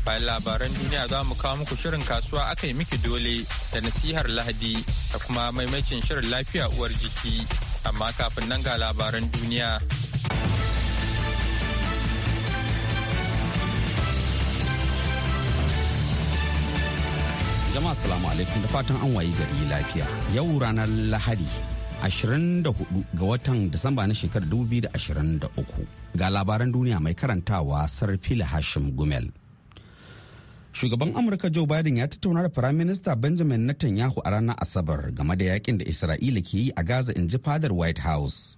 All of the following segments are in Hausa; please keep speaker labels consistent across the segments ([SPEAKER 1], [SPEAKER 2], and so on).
[SPEAKER 1] Bayan labaran duniya za mu kawo muku shirin kasuwa aka yi miki dole da nasihar lahadi da kuma maimacin shirin lafiya uwar jiki. Amma kafin nan ga labaran duniya.
[SPEAKER 2] Jama'a salamu alaikum da fatan an wayi gari lafiya. Yau ranar Lahadi 24 ga watan Disamba na shekarar 2023. Ga labaran duniya mai karantawa Sarfila Hashim Gumel. Shugaban Amurka Joe Biden ya tattauna da Firaminista Benjamin Netanyahu a ranar Asabar game da yakin da Isra'ila ke yi a Gaza in ji fadar White House.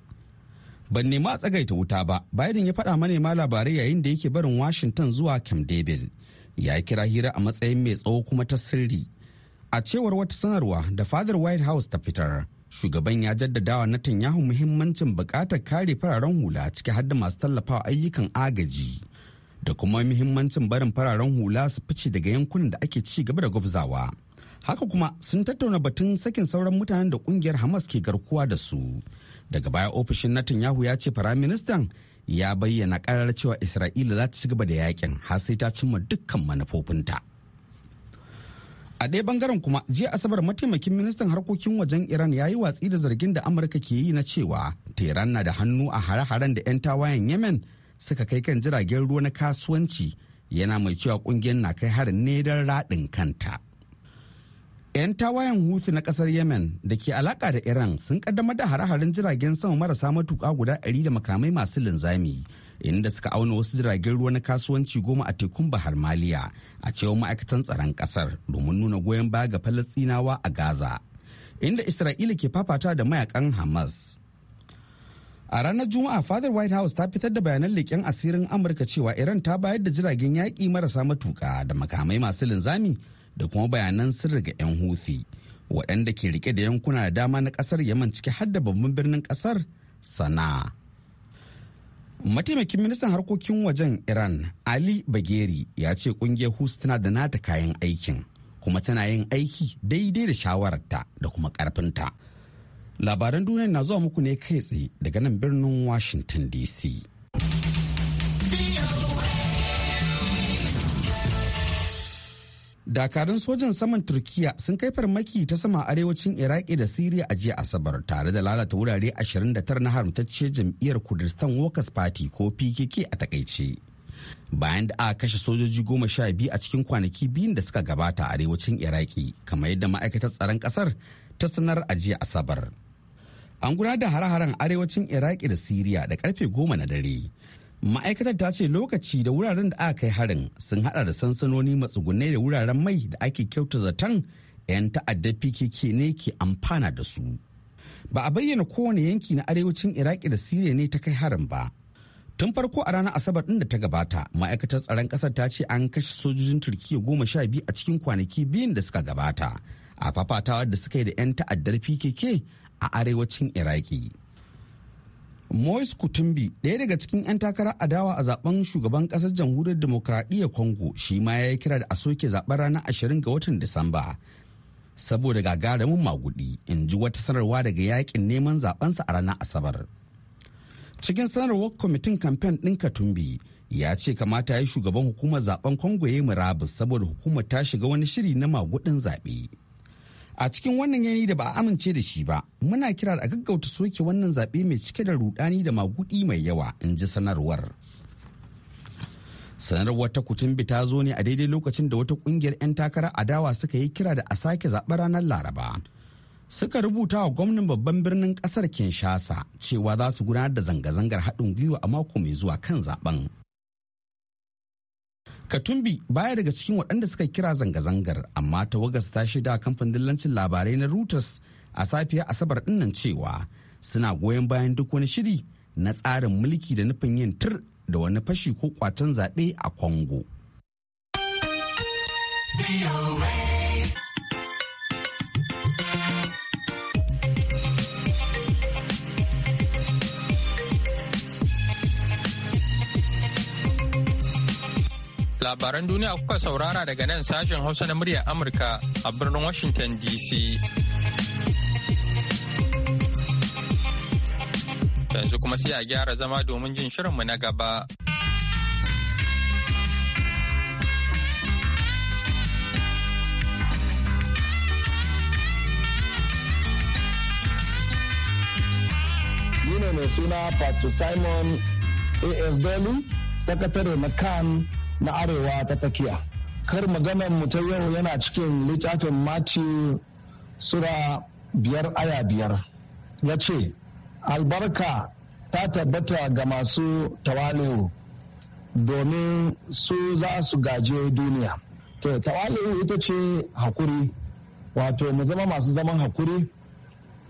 [SPEAKER 2] Ban nema a tsagaita wuta ba, Biden ya faɗa manema labarai yayin da yake barin Washington zuwa Camp David. Ya kira hira a matsayin mai tsawo kuma ta sirri. A cewar wata sanarwa da fadar White House ta fitar, shugaban ya jaddadawa Netanyahu muhimmancin bukatar kare fararen hula ciki har da masu tallafawa ayyukan agaji. da kuma muhimmancin barin fararen hula su fice daga yankunan da ake ci gaba da gwabzawa. Haka kuma sun tattauna batun sakin sauran mutanen da kungiyar Hamas ke garkuwa da su. Daga baya ofishin Netanyahu ya ce firaministan ya bayyana karar cewa Isra'ila za ta ci gaba da yakin har sai ta cimma dukkan manufofinta. A ɗaya bangaren kuma jiya Asabar mataimakin ministan harkokin wajen Iran ya yi watsi da zargin da Amurka ke yi na cewa Tehran na da hannu a hare-haren da 'yan tawayen Yemen suka kai kan jiragen ruwa na kasuwanci yana mai cewa kungiyar na kai harin ne don raɗin kanta. 'Yan tawayen Hutu na ƙasar Yemen da ke alaƙa da Iran sun kaddamar da hare-haren jiragen sama marasa matuƙa guda 100 da makamai masu linzami inda suka auna wasu jiragen ruwa na kasuwanci goma a tekun Bahar Maliya a cewar ma'aikatan tsaron ƙasar domin nuna goyon baya ga falasɗinawa a Gaza. Inda Isra'ila ke fafata da mayakan Hamas. A ranar Juma'a fadar White House ta fitar da bayanan leƙen asirin Amurka cewa Iran ta bayar da jiragen yaƙi marasa matuƙa da makamai masu linzami da kuma bayanan sirri ga 'yan Houthi waɗanda ke rike da yankuna da dama na ƙasar Yaman ciki har da babban birnin ƙasar Sana'a. Mataimakin ministan harkokin wajen Iran Ali Bageri ya ce kungiyar Houthi tana da nata kayan aikin kuma tana yin aiki daidai da shawararta da kuma karfinta. labaran duniya na zuwa muku ne kai tsaye daga nan birnin washington dc dakarun sojan saman turkiya sun kai farmaki ta sama arewacin iraki da siriya a jiya asabar tare da lalata wurare 29 na haramtacce jam'iyyar kurdistan workers party ko pkk a takaice bayan da aka kashe sojoji goma sha biyu a cikin kwanaki biyun da suka gabata a arewacin iraki kamar yadda ma'aikatar tsaron kasar ta sanar a jiya asabar an gudanar da hare-haren arewacin iraki da siriya da karfe goma na dare ma'aikatar ta ce lokaci da wuraren da aka kai harin sun hada da sansanoni matsugunai da wuraren mai da ake kyauta zaton 'yan ta'addar pkk ne ke amfana da su ba a bayyana kowane yanki na arewacin iraki da siriya ne ta kai harin ba tun farko a ranar asabar din da ta gabata ma'aikatar tsaron kasar ta ce an kashe sojojin turkiya goma sha biyu a cikin kwanaki biyun da suka gabata a fafatawar da suka yi da 'yan ta'addar pkk a arewacin iraki Moise Kutumbi ɗaya daga cikin 'yan takara adawa a zaben shugaban ƙasar jamhuriyar demokradiyyar Kongo, shi ma ya yi kira da a soke zaben ranar 20 ga watan Disamba. Saboda gagarumin magudi in ji wata sanarwa daga yakin neman zabensa a ranar Asabar. Cikin sanarwar kwamitin kamfen ɗin Katumbi ya ce kamata ya yi shugaban hukumar zaben Kongo ya yi murabus saboda hukumar ta shiga wani shiri na magudin zaɓe. a cikin wannan yanayi da ba a amince da shi ba muna kira da a gaggauta soke wannan zaɓe mai cike da rudani da magudi mai yawa in ji sanarwar sanarwar ta kutumbi ta zo ne a daidai lokacin da wata kungiyar 'yan takara adawa suka yi kira da a sake zaɓe ranar laraba suka rubuta wa gwamnan babban birnin ƙasar kinshasa cewa za su gudanar da zanga-zangar haɗin gwiwa a mako mai zuwa kan zaben Katumbi baya daga cikin waɗanda suka kira zanga-zangar amma tawagas ta shaida kamfanin dillancin labarai na Reuters a safiya Asabar dinnan cewa suna goyon bayan duk wani shiri na tsarin mulki da nufin yin tur da wani fashi ko kwacen zaɓe a Congo.
[SPEAKER 1] Labaran duniya kuka saurara daga nan sashen Hausa na muryar Amurka a birnin Washington DC. Yanzu kuma sai a gyara zama domin jin shirinmu na gaba.
[SPEAKER 3] ne mai suna Pastor Simon A.S. Dolly, sakatare na na arewa ta tsakiya kar maganar mu ta yau yana cikin littafin Matthew sura biyar aya biyar ya ce albarka ta tabbata ga masu tawali'u domin su za su gaje duniya to tawali'u ita ce hakuri wato mu zama masu zaman hakuri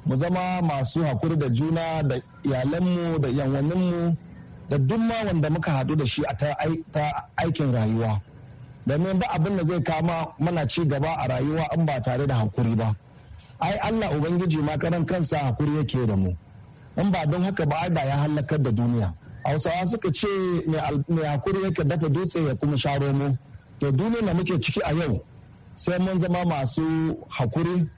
[SPEAKER 3] mu zama masu hakuri da juna da iyalanmu da yanwaninmu da duk ma wanda muka hadu da shi a ta aikin rayuwa domin ba abin da zai kama mana ci gaba a rayuwa in ba tare da hakuri ba ai allah ubangiji ma karan kansa hakuri yake da mu in ba don haka ba da ya hallakar da duniya hausawa suka ce mai hakuri yake dafa dutse ya kuma sharo mu? to duniya da muke ciki a yau sai mun zama masu hakuri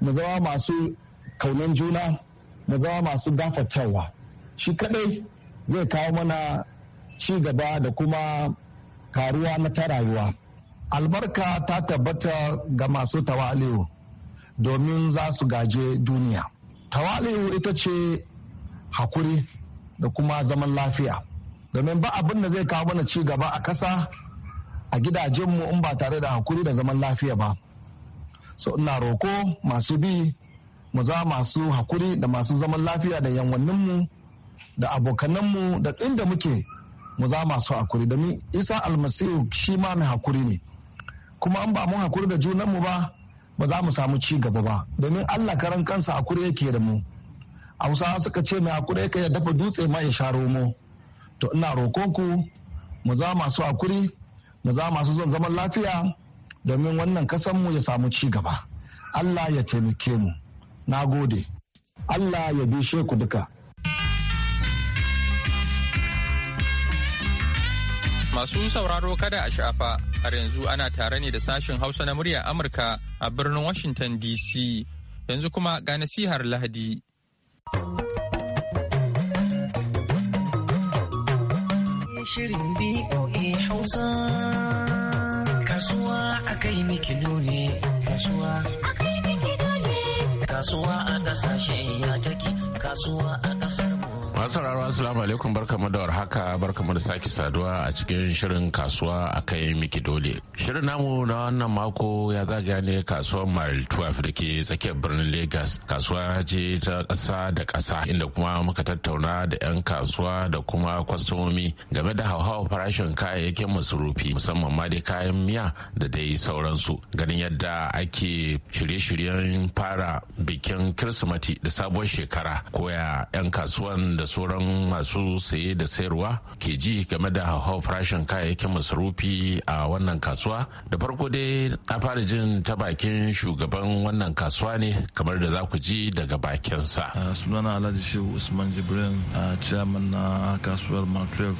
[SPEAKER 3] mu zama masu kaunan juna mu zama masu gafatawa shi kadai zai kawo mana ci gaba da kuma karuwa na ta rayuwa albarka ta tabbata ga masu tawali'u domin za su gaje duniya tawali'u ita ce hakuri da kuma zaman lafiya domin ba abin da zai kawo mana ci gaba a ƙasa a gidajenmu in ba tare da hakuri da zaman lafiya ba so ina roko masu bi mu za masu hakuri da masu zaman lafiya da yanwanninmu da abokananmu da inda muke mu za masu hakuri domin isa almasihu shi ma mai hakuri ne kuma an ba mun hakuri da junanmu ba ba za mu samu ci gaba ba domin allah karan kansa hakuri yake da mu a hausawa suka ce mai hakuri yake ya dafa dutse ma ya sha romo to ina rokonku mu za masu hakuri mu za masu zan zaman lafiya domin wannan kasan mu ya samu ci gaba allah ya taimake mu na gode allah ya bishe ku duka
[SPEAKER 1] Masu sauraro kada a shafa, har yanzu ana tare ne da sashen Hausa na murya Amurka a birnin Washington DC. Yanzu kuma ga nasihar Lahadi.
[SPEAKER 4] Shirin Hausa Kasuwa a kai kasuwa Kasuwa a kasashe ya take, kasuwa a kasar
[SPEAKER 5] Masu rarwa Assalamu alaikum barkamu da warhaka barkamu da sake saduwa a cikin shirin kasuwa a kai miki dole. Shirin namu na wannan mako ya zagaya ne kasuwar Mile 12 da ke tsakiyar birnin Lagos. Kasuwa ce ta ƙasa da ƙasa inda kuma muka tattauna da 'yan kasuwa da kuma kwastomomi game da hauhawar farashin kayayyakin masurufi musamman ma dai kayan miya da dai sauransu. Ganin yadda ake shirye-shiryen fara bikin Kirsimati da sabuwar shekara koya 'yan kasuwan da sauran masu saye da sayarwa ke ji game da hauhawar farashin kayayyakin masarufi a wannan kasuwa da farko dai na fara jin ta bakin shugaban wannan kasuwa ne kamar da za ku ji daga bakin sa.
[SPEAKER 6] sunana alhaji shehu usman jibrin a chairman na kasuwar matrev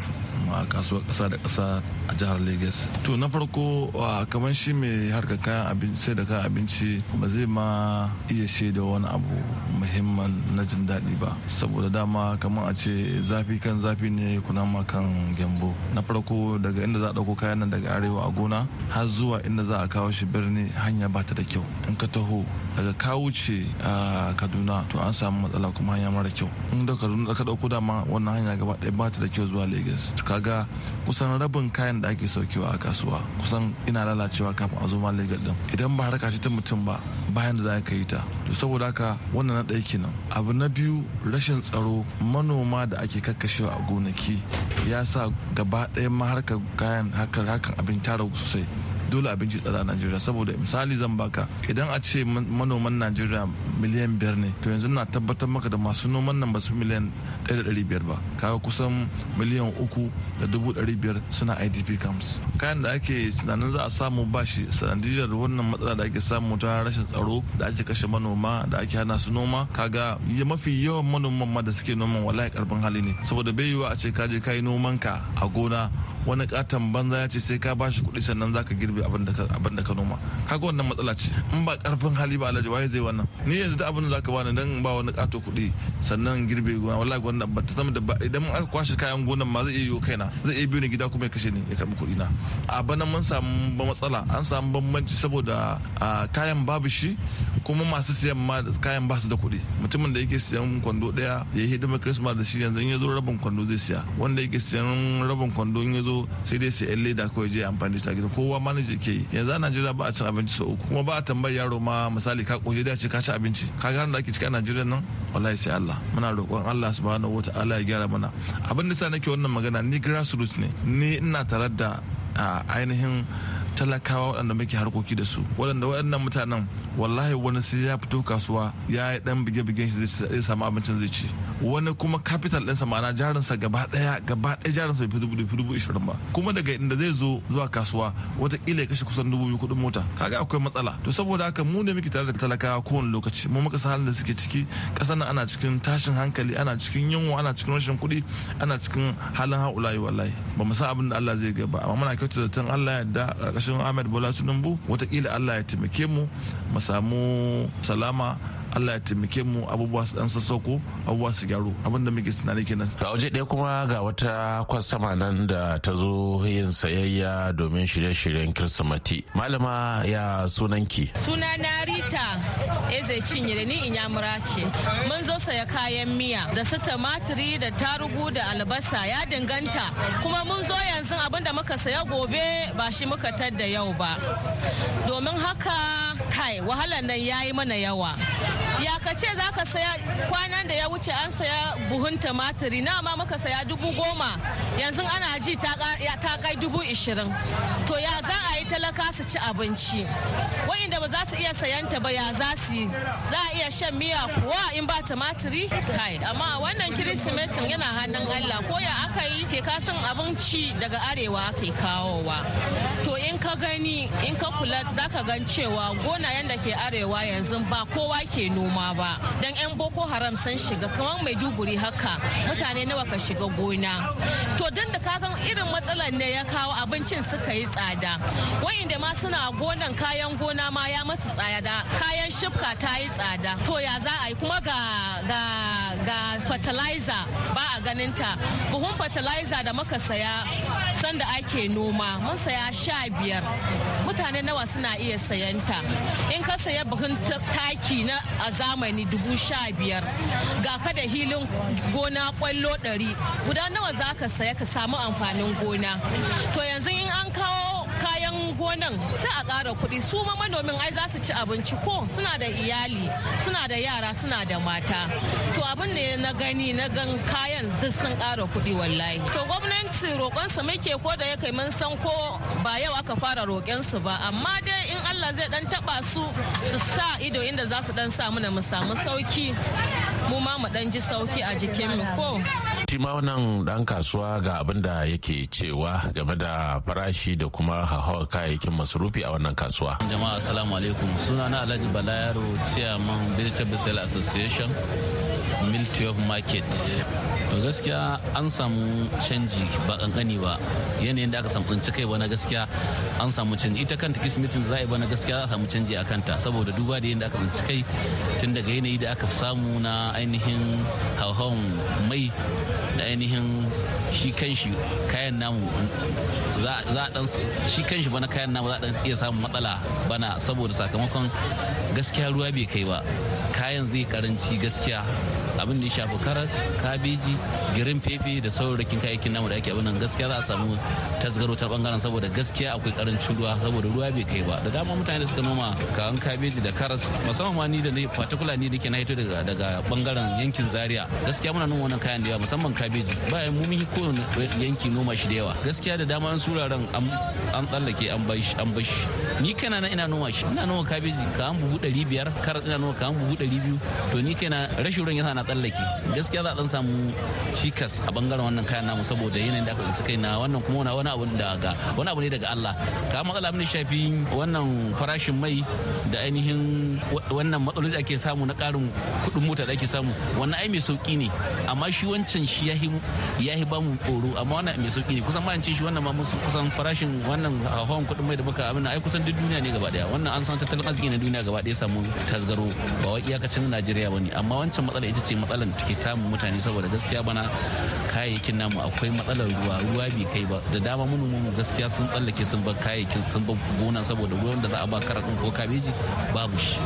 [SPEAKER 6] a kasuwar kasa da kasa a jihar lagos to na farko kamar shi mai harkar kayan abinci sai da kayan abinci ba zai ma iya shaida wani abu muhimman na jin daɗi ba saboda dama kamar kamar a ce zafi kan zafi ne ma kan gyambo na farko daga inda za a ɗauko kayan nan daga arewa a gona har zuwa inda za a kawo shi birni hanya ba ta da kyau in ka taho daga ka wuce a kaduna to an samu matsala kuma hanya mara kyau in da kaduna ka ɗauko dama wannan hanya gaba ɗaya ba ta da kyau zuwa lagos kaga kusan rabin kayan da ake saukewa a kasuwa kusan ina lalacewa kafin a zo ma lagos din idan ba harka ta mutum ba bayan da za ka yi ta to saboda haka wannan na ɗaya kenan abu na biyu rashin tsaro man manoma da ake kakkashewa a gonaki ya sa gaba ɗaya maharkar kayan hakan abin tara sosai dole abinci tsada a najeriya saboda misali zan baka idan a ce manoman najeriya miliyan biyar ne to yanzu na tabbatar maka da masu noman nan ba su miliyan ɗaya da ɗari biyar ba kaga kusan miliyan uku da dubu ɗari biyar suna idp camps kayan da ake tunanin za a samu bashi shi sanadiyar wannan matsala da ake samu ta rashin tsaro da ake kashe manoma da ake hana su noma kaga mafi yawan manoman ma da suke noman wallahi karbin hali ne saboda bai yiwa a ce kaje kai ka a gona wani katon banza ya ce sai ka bashi kuɗi sannan zaka girbe girbe abin da ka noma kaga wannan matsala ce in ba karfin hali ba alhaji waye zai wannan ni yanzu da abin da zaka bani dan ba wani kato kuɗi sannan girbe gona wallahi wannan ba ta zama da idan aka kwashe kayan gonan ma zai iya yiwo kaina zai iya biyo ni gida kuma ya kashe ni ya karbi kuɗi na a bana mun samu matsala an samu bambanci saboda kayan babu shi kuma masu siyan ma kayan ba su da kuɗi mutumin da yake siyan kwando ɗaya ya yi hidimar christmas da shi yanzu in ya zo rabin kwando zai siya wanda yake siyan rabin kwando in ya zo sai dai siyan leda kawai je amfani da shi gida kowa ma namiji yanzu a najeriya ba a cin abinci sau uku kuma ba a tambayi yaro ma misali ka koshi da ce ka ci abinci ka ga da ake cika najeriya nan wallahi sai allah muna roƙon allah subhanahu wa ta'ala ya gyara mana abin da sa nake wannan magana ni grassroots ne ni ina tare da ah, ainihin talakawa waɗanda muke harkoki da su waɗanda waɗannan mutanen wallahi wani sai ya fito kasuwa ya yi ɗan bige-bigen shi zai samu abincin zai ci wani kuma capital ɗinsa ma'ana jarinsa gaba ɗaya gaba ɗaya jarinsa bai fi dubu ishirin ba kuma daga inda zai zo zuwa kasuwa wataƙila ya kashe kusan dubu biyu kuɗin mota kaga akwai matsala to saboda haka mu ne muke tare da talakawa kowane lokaci mu muka san halin da suke ciki ƙasar nan ana cikin tashin hankali ana cikin yunwa ana cikin rashin kuɗi ana cikin halin haulayi wallahi ba mu san abin da Allah zai ba amma muna kyautata zaton Allah ya yarda sunan ahmed bola tinubu watakila allah ya taimake mu mu samu salama Allah ya taimake mu abubuwa su dan sassauko abubuwa su gyaru abin da muke tunani kenan
[SPEAKER 5] a waje ɗaya kuma ga wata kwastama nan da ta zo yin sayayya domin shirye-shiryen kirsimati
[SPEAKER 6] malama ya
[SPEAKER 4] sunanki suna na rita eze eh, cinyere ni inyamura ce mun zo saya kayan miya da su da tarugu da albasa ya danganta kuma mun zo yanzu abinda muka saya gobe ba shi muka tadda yau ba domin haka kai wahalar nan ya yi mana yawa ya ka ce za ka saya kwanan da ya wuce an saya buhun tumatiri na ma muka saya dubu goma yanzu ana ji ta kai dubu ishirin to ya za a talaka su ci abinci wa'inda ba za su iya sayanta ba ya za su yi za a iya shan miya kuwa in ba tumatiri kai amma wannan kirisimetin yana hannun allah ko ya aka yi ke kasan abinci daga arewa ke kawowa to in ka gani in ka kula zaka gan cewa gona yadda ke arewa yanzu ba kowa ke noma ba dan yan boko haram sun shiga kamar maiduguri haka mutane nawa ka shiga gona to dan da kagan irin matsalar ne ya kawo abincin suka yi tsada wayanda ma suna gonan kayan gona ma ya matsa tsada kayan shifka ta yi tsada to ya za a yi kuma ga ga ga fertilizer ba a ganin ta buhun fertilizer da muka saya sanda ake noma mun saya sha biyar mutane nawa suna iya sayan ta in ka saya buhun taki na a zamani dubu sha biyar ga ka da hilin gona kwallo ɗari guda nawa za ka saya ka samu amfanin gona to yanzu in an kawo kayan gonan sai a ƙara kuɗi su ma manomin ai za su ci abinci ko suna da iyali suna da yara suna da mata to abin ne na gani na gan kayan duk sun ƙara kuɗi wallahi to gwamnati roƙon su muke ko da yake mun san ko ba yau aka fara roƙen su ba amma dai in Allah zai dan taba su su sa ido inda za su dan sa mana mu samu sauki mu ma mu dan ji sauki a jikin mu ko
[SPEAKER 5] shi ma wannan dan kasuwa ga abin da yake cewa game da farashi da kuma hauhawar kayayyakin masarufi a wannan kasuwa
[SPEAKER 7] jama'a assalamu alaikum na alhaji bala yaro chairman vegetable association of market to gaskiya an samu canji ba kankani ba yanayin da aka samu samfanci kai ba na gaskiya an samu canji ita kanta kismitin za a yi ba na gaskiya a samu canji a kanta saboda duba da yadda aka tsinci kai tun daga yanayi da aka samu na ainihin hauhawan mai da ainihin shi kan shi kayan namu za a dan shi kan shi bana kayan namu za a dan iya samun matsala bana saboda sakamakon gaskiya ruwa bai kai ba kayan zai karanci gaskiya abin da ya shafi karas kabeji girin fefe da rikin kayayyakin namu da ake abin nan gaskiya za a samu tasgaro ta bangaren saboda gaskiya akwai karancin ruwa saboda ruwa bai kai ba da dama mutane da suka noma kawan kabeji da karas musamman ma ni da ni particular ni da ke na hito daga bangaren yankin zaria gaskiya muna noma wannan kayan da yawa musamman kabeji bayan mu mun ko yanki noma shi da yawa gaskiya da dama an suraren an tsallake an bashi an bashi ni kana na ina noma shi ina noma kabeji kawan an buhu 500 karas ina noma kawan an buhu 200 to ni kana rashin ruwan yana tsallake gaskiya za a dan samu cikas a bangaren wannan kayan namu saboda yanayin da aka tsinci kai na wannan kuma wani abu daga wani abu ne daga Allah ka matsala mun shafi wannan farashin mai da ainihin wannan matsaloli da ake samu na karin kudin mota da ake samu wannan ai mai sauki ne amma shi wancan shi yahi ba mu tsoro amma wannan mai sauki ne kusan ma ce shi wannan ma mun kusan farashin wannan hawan kudin mai da muka amina ai kusan duk duniya ne gaba daya wannan an san tattalin arziki na duniya gaba daya samu tasgaro ba wai iyakacin Najeriya bane amma wancan matsala ita ce matsalar take samun mutane saboda gaskiya bana kayayyakin namu akwai matsalar ruwa ruwa bai kai ba da dama manoman mu gaskiya sun tsallake sun bar kayayyakin sun bar gona saboda ruwan da za a ba karatun ko kabeji babu shi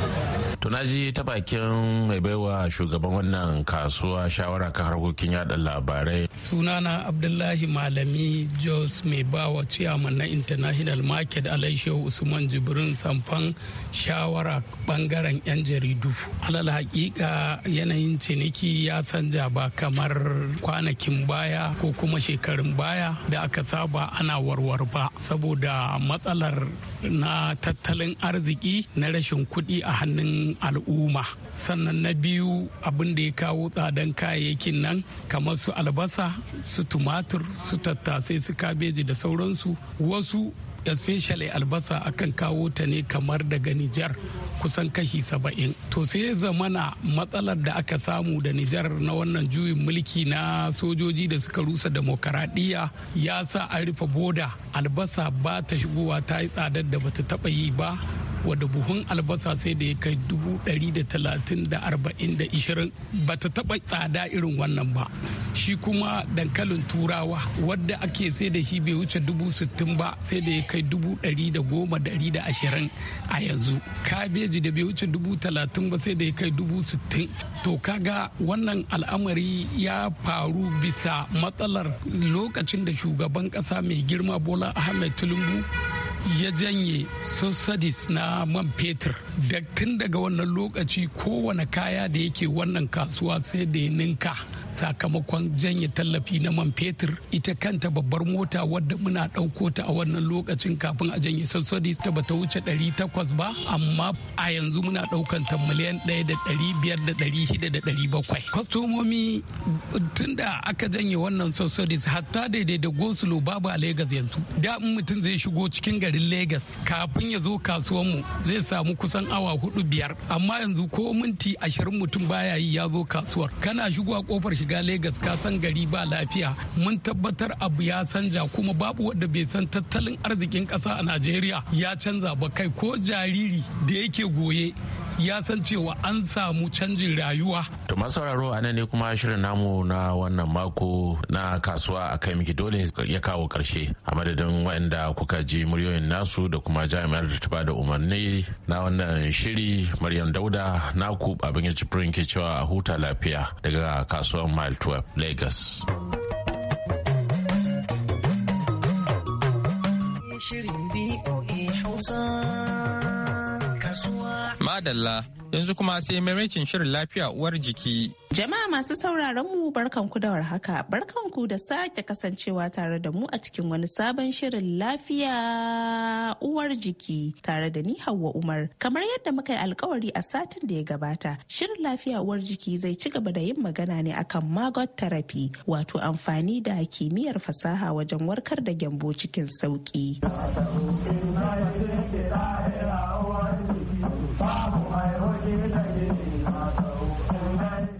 [SPEAKER 7] to na ji ta bakin mai baiwa shugaban wannan
[SPEAKER 5] kasuwa shawara kan harkokin yada labarai
[SPEAKER 8] sunana abdullahi malami jos mai bawa ciyaman na international market alaishe usman jibrin samfan shawara bangaren yan jaridu alal hakika yanayin cin ciniki ya canja ba kamar kwanakin baya ko kuma shekarun baya da aka saba ana warwar ba saboda matsalar na tattalin arziki na rashin kuɗi a hannun al'umma sannan na biyu abin da ya kawo tsadan kayayyakin nan kamar su albasa su tumatur su tattasai su kabeji da sauransu wasu especially albasa akan kawo ta ne kamar daga Nijar kusan kashi saba'in. To sai zamana matsalar da aka samu da Nijar na wannan juyin mulki na sojoji da suka rusa demokaradiyya ya sa a rufe boda albasa ba ta shigowa ta yi tsadar da bata taba yi ba wadda buhun albasa sai da ya kai dubu ɗari da talatin da arba'in da ishirin ba ta taɓa tsada irin wannan ba shi kuma dankalin turawa wadda ake sai da shi bai wuce dubu sittin ba sai da ya kai dubu ɗari da goma ɗari da ashirin a yanzu kabeji da bai wuce dubu talatin ba sai da ya kai dubu sittin to kaga wannan al'amari ya faru bisa matsalar lokacin da shugaban ƙasa mai girma bola ahmed tinubu ya janye sosadis na man fetur da tun daga wannan lokaci kowane kaya da yake wannan kasuwa sai da ya ninka sakamakon janye tallafi na man fetur ita kanta babbar mota wadda muna ɗauko ta a wannan lokacin kafin a janye sosadis ta bata wuce 800 ba amma a yanzu muna ɗaukan ta miliyan 1,500,600,700 kwastomomi tun da aka janye wannan sosadis hatta daidai da gosulo babu a Legas yanzu da mutum zai shigo cikin gari garin Legas kafin ya zo kasuwanmu zai samu kusan awa hudu biyar amma yanzu ko minti ashirin mutum baya yi ya zo kasuwar kana shigowa kofar shiga Legas ka san gari ba lafiya mun tabbatar abu ya canja kuma babu wanda bai san tattalin arzikin ƙasa a Najeriya ya canza ba kai ko jariri da yake goye ya san cewa an samu canjin rayuwa.
[SPEAKER 5] To sauraro a nan ne kuma shirin namu na wannan mako na kasuwa a kai miki dole ya kawo karshe a madadin waɗanda kuka ji muryoyin nasu da kuma jami'ar da ta ba da umarni na wannan shiri Maryam Dauda naku abin ya ci ke cewa a huta lafiya daga kasuwar Mile 12 Lagos.
[SPEAKER 1] adalla yanzu kuma sai maimakin shirin lafiya uwar jiki.
[SPEAKER 9] Jama'a masu sauraron mu barkanku da warhaka barkanku da sake kasancewa tare da mu a cikin wani sabon shirin lafiya uwar jiki tare da ni Hauwa Umar. Kamar yadda muka yi alkawari a satin da ya gabata, shirin lafiya uwar jiki zai ci gaba da yin magana ne akan magot therapy wato amfani da kimiyyar fasaha wajen warkar da gyambo cikin sauki.
[SPEAKER 3] 把步迈，我只在你那头
[SPEAKER 9] 等你。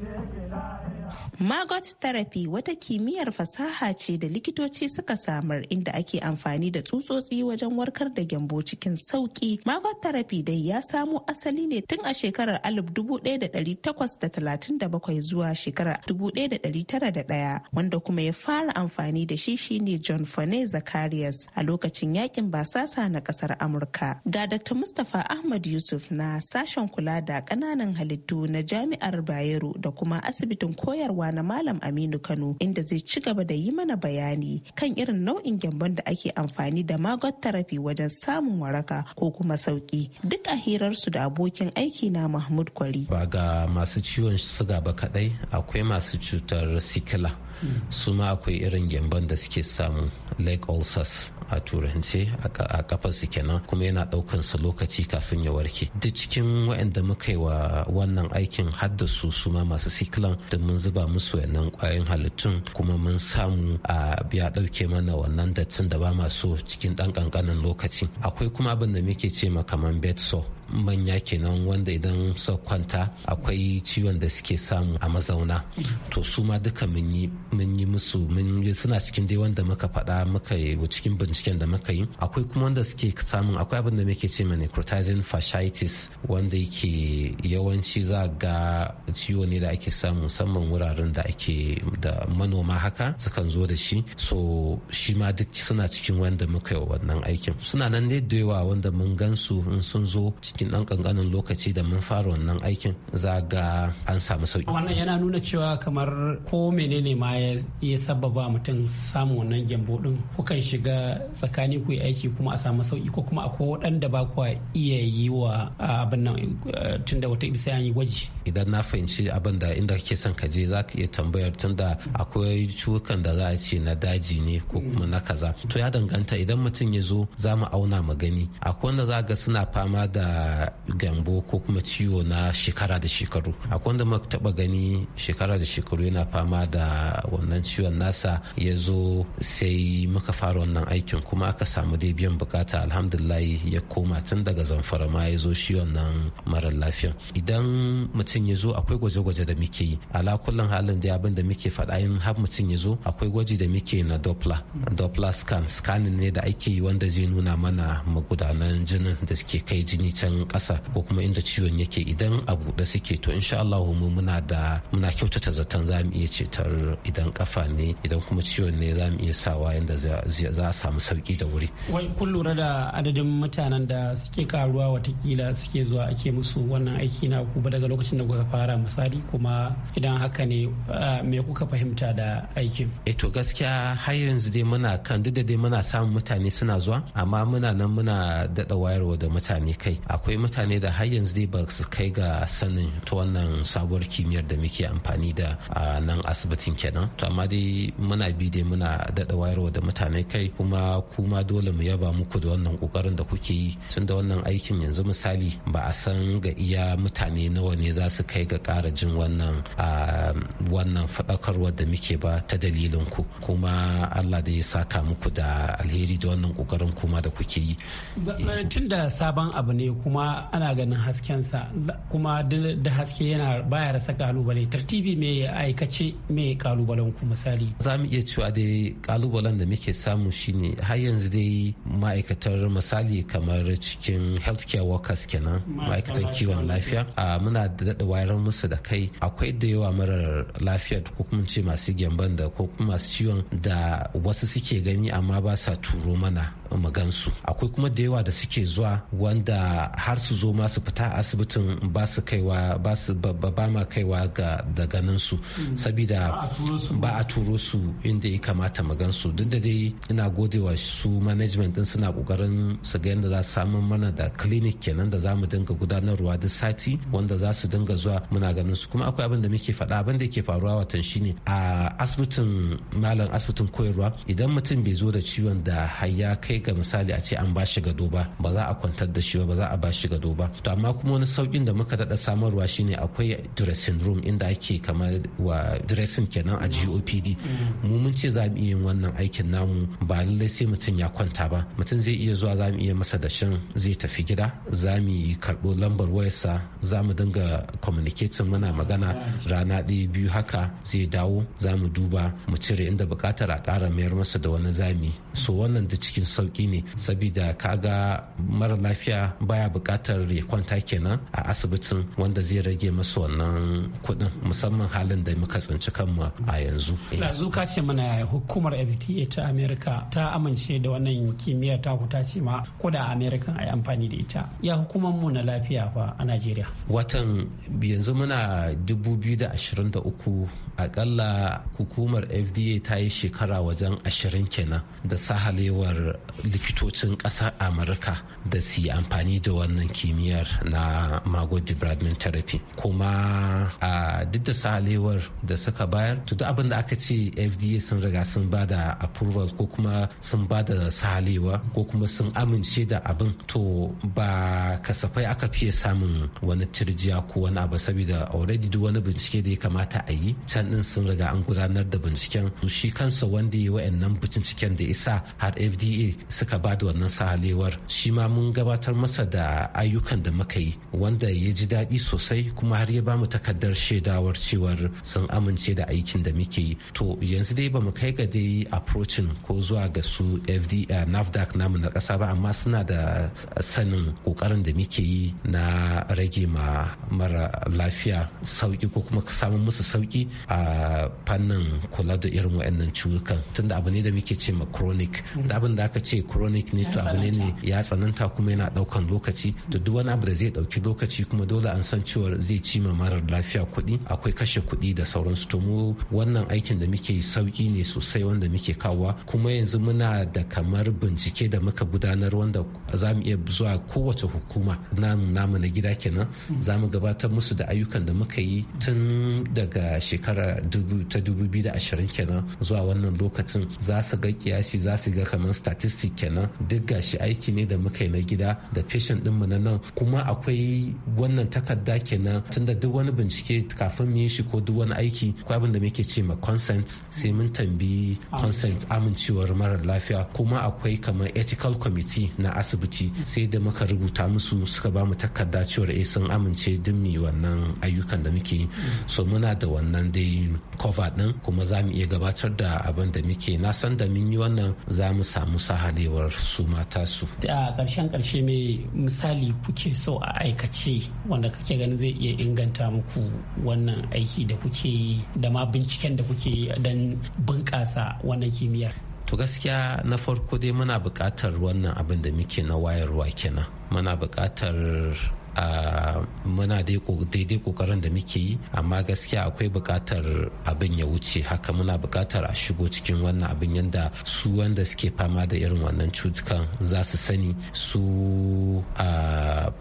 [SPEAKER 9] Magot therapy wata kimiyyar fasaha ce da likitoci suka samar inda ake amfani da tsutsotsi wajen warkar da gyambo cikin sauki. Magot therapy dai ya samo asali ne tun a shekarar 1837 zuwa shekarar 1901 wanda kuma ya fara amfani da shi shine John Fane Zacharias a lokacin yakin basasa na kasar Amurka. Ga Dr. Mustapha Ahmad Yusuf na sashen kula da ƙananan halittu na Jami'ar Bayero da kuma asibitin koyar bayarwa na Malam Aminu Kano inda zai ci gaba da yi mana bayani kan irin nau'in gyambon da ake amfani da magot therapy wajen samun waraka ko kuma sauki duk a hirarsu da abokin aiki na Mahmud Kwari.
[SPEAKER 10] Ba ga masu ciwon suga ba kadai akwai masu cutar sikila. su ma akwai irin gyamban da suke samu lake ulcers a turance a kafar su kenan kuma yana daukan su lokaci kafin ya warke duk cikin waɗanda muka yi wa wannan aikin haddasu su ma masu siklan da mun zuba musu wannan kwayoyin halittun kuma mun samu a ya dauke mana wannan dattin da ba ma so cikin dan kankanin lokaci akwai kuma abin da muke ce ma kaman bed manya kenan wanda idan sa kwanta akwai ciwon da suke samu a mazauna to su ma duka mun yi musu suna cikin dai wanda muka faɗa muka yi cikin binciken da muka yi akwai kuma wanda suke samun akwai abin da muke ce ma necrotizing fasciitis wanda yake yawanci za ga ciwo ne da ake samu musamman wuraren da ake da manoma haka sukan zo da shi so shi ma duk suna cikin wanda muka yi wannan aikin suna nan ne da yawa wanda mun gan su in sun zo cikin ɗan ƙanƙanin lokaci da mun fara wannan aikin za ga an samu sauki. wannan
[SPEAKER 11] yana nuna cewa kamar ko menene ma ya sababa mutum samun wannan gyambo ɗin kukan shiga tsakani ku aiki kuma a samu sauki ko kuma akwai waɗanda ba kwa iya yi wa
[SPEAKER 10] abin nan eh, tunda wata sai an yi gwaji. idan na fahimci abin da inda kake son ka je za iya tambayar tunda akwai cuwukan da za a ce na daji ne ko kuma na kaza to ya danganta idan mutum ya zo za mu auna mu gani akwai wanda za ga suna fama da gambo ko kuma ciwo na shekara da shekaru akwai wanda muka taba gani shekara da shekaru yana fama da wannan ciwon nasa ya zo sai muka fara wannan aikin kuma aka samu dai biyan bukata alhamdulillah ya koma tun daga zamfara ma ya zo shi wannan mara lafiya idan mutum mutum ya zo akwai gwaje-gwaje da muke yi ala kullum halin da abin da muke faɗa in har mutum ya zo akwai gwaji da muke na doppler doppler scan scanning ne da ake yi wanda zai nuna mana magudanan jinin da suke kai jini can ƙasa ko kuma inda ciwon yake idan a buɗe suke to insha Allah mu muna da muna kyautata zaton za mu iya cetar idan kafa ne idan kuma ciwon ne za mu iya sawa yadda za a samu sauki da wuri.
[SPEAKER 11] Wai kun lura da adadin mutanen da suke karuwa watakila suke zuwa ake musu wannan aiki na ku daga lokacin da kuka fara misali kuma idan haka ne me kuka fahimta da aikin
[SPEAKER 10] eh to gaskiya har yanzu dai muna kan duk da dai muna samun mutane suna zuwa amma muna nan muna dada wayarwa da mutane kai akwai mutane da har yanzu dai ba su kai ga sanin ta wannan sabuwar kimiyyar da muke amfani da a nan asibitin kenan to amma dai muna bi dai muna daɗa wayarwa da mutane kai kuma kuma dole mu yaba muku da wannan kokarin da kuke yi tunda wannan aikin yanzu misali ba a san ga iya mutane nawa ne za su kai ga ƙara jin wannan wannan faɗakarwar da muke ba ta dalilin ku kuma Allah da ya saka muku da alheri da wannan ƙoƙarin kuma da kuke yi.
[SPEAKER 11] Tun da sabon abu ne kuma ana ganin haskensa kuma da haske yana baya rasa kalubale tartibi mai aikace mai kalubalen ku misali.
[SPEAKER 10] Za mu iya cewa dai kalubalen da muke samu shine har yanzu dai ma'aikatar misali kamar cikin healthcare workers kenan ma'aikatan kiwon lafiya muna Da wayar musu da kai akwai da yawa marar lafiyar ko kuma ce masu gyamban da ko kuma masu ciwon da wasu suke gani amma ba sa turo mana magansu akwai kuma da yawa da suke zuwa wanda har su zo ma su fita asibitin ba su kaiwa ba su ba ma kaiwa ga da ganin hmm. su saboda ba a turo su inda ya kamata magansu duk da dai ina godewa su management din suna kokarin su ga yadda za su samu mana da clinic kenan da za mu dinga gudanarwa duk sati wanda za su dinga ga zuwa muna ganin su kuma akwai abin da muke faɗa abin da yake faruwa watan shine a asibitin malam asibitin koyarwa idan mutum bai zo da ciwon da har kai ga misali a ce an ba shi gado ba ba za a kwantar da shi ba ba za a ba shi gado ba to amma kuma wani sauƙin da muka daɗa samarwa shine akwai dressing room inda ake kamar wa dressing kenan a GOPD mu mun ce za mu iya yin wannan aikin namu ba lallai sai mutum ya kwanta ba mutum zai iya zuwa za mu iya masa dashin zai tafi gida za mu karɓo lambar wayarsa za mu dinga communicating muna magana rana ɗaya biyu haka zai dawo za mu duba mu cire inda bukatar a ƙara mayar masa da wani zami so wannan da cikin sauƙi ne sabida kaga mara lafiya baya bukatar ya kwanta kenan a asibitin wanda zai rage masa wannan kuɗin musamman halin da muka tsinci kanmu a yanzu. Eh. yanzu
[SPEAKER 11] ka ce mana hukumar fda ta america ta amince da wannan kimiyyar ta ta ce ma ko da amerika a yi amfani da ita ya hukumar mu na lafiya fa a najeriya
[SPEAKER 10] watan yanzu muna 2023 akalla hukumar fda ta yi shekara wajen 20 kenan da sahalewar likitocin ƙasar amurka da su yi amfani da wannan kimiyyar na mago debridement therapy kuma a duk da sahalewar da suka bayar to duk abin da aka ce fda sun riga sun ba da approval ko kuma sun ba da sahalewa ko kuma sun amince da abin to ba kasafai aka fiye samun wani turjiya ko wani faɗa ba saboda already duk wani bincike da ya kamata a yi can din sun riga an gudanar da binciken su shi kansa wanda ya wa'annan binciken da isa har fda suka ba da wannan sahalewar shi ma mun gabatar masa da ayyukan da muka yi wanda ya ji daɗi sosai kuma har ya ba mu takardar shaidawar cewar sun amince da aikin da muke yi to yanzu dai ba mu kai ga dai approaching ko zuwa ga su fda nafdac namu na ƙasa ba amma suna da sanin ƙoƙarin da muke yi na rage ma mara lafiya sauki ko kuma samu musu sauki a fannin kula da irin wa'annan ciwukan tunda abu ne da muke ce ma chronic mm-hmm. da abin da aka ce chronic ne to abu ne ne ya tsananta kuma yana daukan lokaci da duk wani abu da zai dauki lokaci kuma dole an san cewa zai ci ma marar lafiya kuɗi akwai kashe kuɗi da sauransu to mu wannan aikin da muke sauki ne sosai wanda muke kawa kuma yanzu muna da kamar bincike da muka gudanar wanda za mu iya zuwa kowace hukuma namu na gida kenan mm-hmm. za mu gabatar musu da ayyukan da muka yi tun daga shekara ta 2020 kenan zuwa wannan lokacin za su ga kiyasi za su ga kamar statistic kenan duk gashi aiki ne da muka yi na gida da patient mu na nan kuma akwai wannan takarda kenan da duk wani bincike kafin mu yi shi ko duk wani aiki ko abin da muke ce ma consent sai mun tambayi consent amincewar mara lafiya kuma akwai kamar ethical committee na asibiti sai da muka rubuta musu suka ba mu takarda cewar eh sun amince duk mu wannan ayyukan da muke so muna da wannan dai cover din kuma za mu iya gabatar da abin da muke na san da mun yi wannan za mu samu sahalewar su mata su a ƙarshen karshe me misali kuke so a aikace
[SPEAKER 11] wanda kake ganin zai iya inganta muku wannan aiki da kuke da ma binciken da kuke yi don bunƙasa wannan kimiyyar
[SPEAKER 10] to gaskiya na farko dai muna buƙatar wannan abin da muke na wayarwa kenan muna buƙatar muna daidai kokarin da muke yi amma gaskiya akwai bukatar abin ya wuce haka muna bukatar a shigo cikin wannan abin yadda su wanda suke fama da irin wannan cutukan za su sani su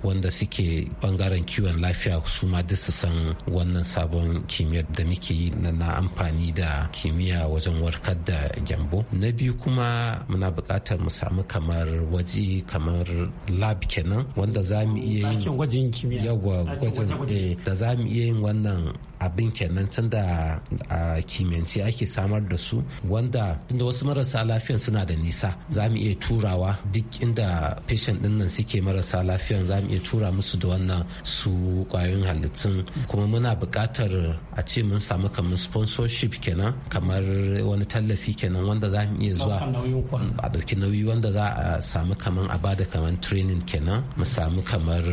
[SPEAKER 10] wanda suke bangaren kiwon lafiya su ma duk su san wannan sabon kimiyyar da muke yi na amfani da kimiyya wajen warkar da gyambo na biyu kuma muna bukatar mu samu kamar waje kamar lab kenan wanda za mu iya yin gwajin kimiyya yawwa gwajin eh, da za mu iya yin wannan abin kenan tun da a kimiyance ake samar da su wanda tunda wasu marasa lafiyan suna da nisa za mu iya turawa duk inda patient din nan suke marasa lafiyan za mu iya tura musu da wannan su kwayoyin halittun kuma muna buƙatar a ce mun samu kamar sponsorship kenan kamar wani tallafi kenan wanda za mu iya zuwa a ɗauki nauyi wanda za a samu kamar a bada kamar training kenan mu samu kamar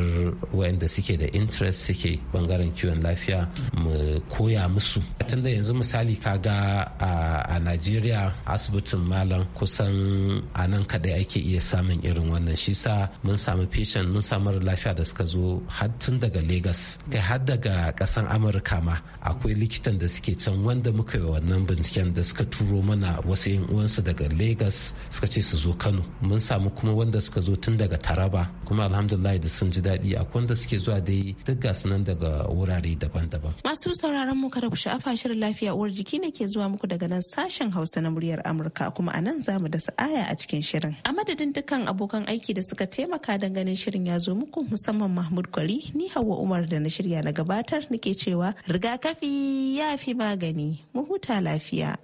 [SPEAKER 10] wayanda suke da interest suke bangaren kiwon lafiya mu koya musu da yanzu misali kaga a najeriya asibitin malam kusan a nan kadai ake iya samun irin wannan shi sa mun samu patient mun samu lafiya da suka zo har tun daga lagos kai har daga kasan amurka ma akwai likitan da suke can wanda muka yi wannan binciken da suka turo mana wasu yan uwansu daga lagos suka ce su zo kano mun samu kuma wanda suka zo tun daga taraba kuma alhamdulillah da sun ji daɗi akwai wanda suke zuwa dai duk gasu nan daga wurare daban-daban
[SPEAKER 9] Masu sauraron mu kada ku sha'afa shirin lafiya uwar jiki ne ke zuwa muku daga nan sashen Hausa na muryar Amurka kuma a nan zamu da sa'aya a cikin shirin. A madadin dukkan abokan aiki da suka taimaka don ganin shirin ya zo muku musamman Mahmud Kwari ni Hauwa Umar da na shirya na gabatar nake cewa rigakafi ya fi magani mu huta lafiya.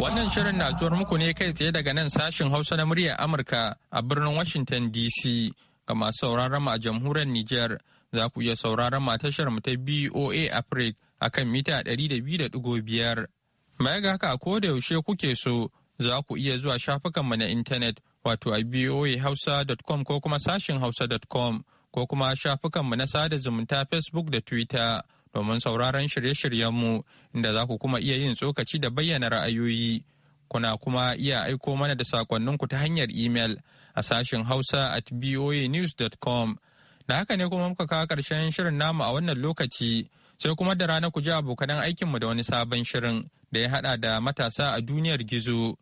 [SPEAKER 1] Wannan shirin na muku ne kai tsaye daga nan sashen Hausa na muryar Amurka a birnin Washington DC. Ga masu sauraron mu a jamhuriyar Nijar za ku iya sauraron mu a tashar mu ta BOA Africa a kan mita 200.5. Mai ga haka ko da yaushe kuke so za ku iya zuwa shafukan mu na intanet wato a boahausa.com ko kuma sashin hausa.com ko kuma shafukan mu na sada zumunta Facebook da Twitter domin sauraron shirye shiryen mu inda za ku kuma iya yin tsokaci da bayyana ra'ayoyi. Kuna kuma iya aiko mana da sakonninku ta hanyar imel a sashen Hausa at voanews.com. Da haka ne kuma muka kawo ƙarshen shirin namu a wannan lokaci sai kuma da rana ku ji abokanan aikinmu da wani sabon shirin da ya haɗa da matasa a duniyar gizo.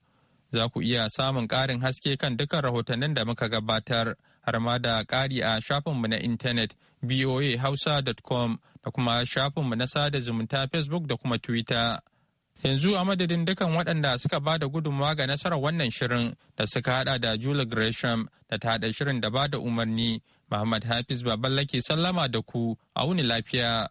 [SPEAKER 1] Za ku iya samun ƙarin haske kan dukkan rahotannin da muka gabatar har ma da ƙari a shafinmu na intanet voahausa.com da kuma shafinmu na sada zumunta Facebook da kuma Twitter. Yanzu a madadin dukan waɗanda suka ba da gudunmawa ga nasarar wannan shirin da suka hada da julia Gresham da ta hada shirin da ba da umarni, Muhammad Hafiz Baballa ke sallama da ku a wuni lafiya.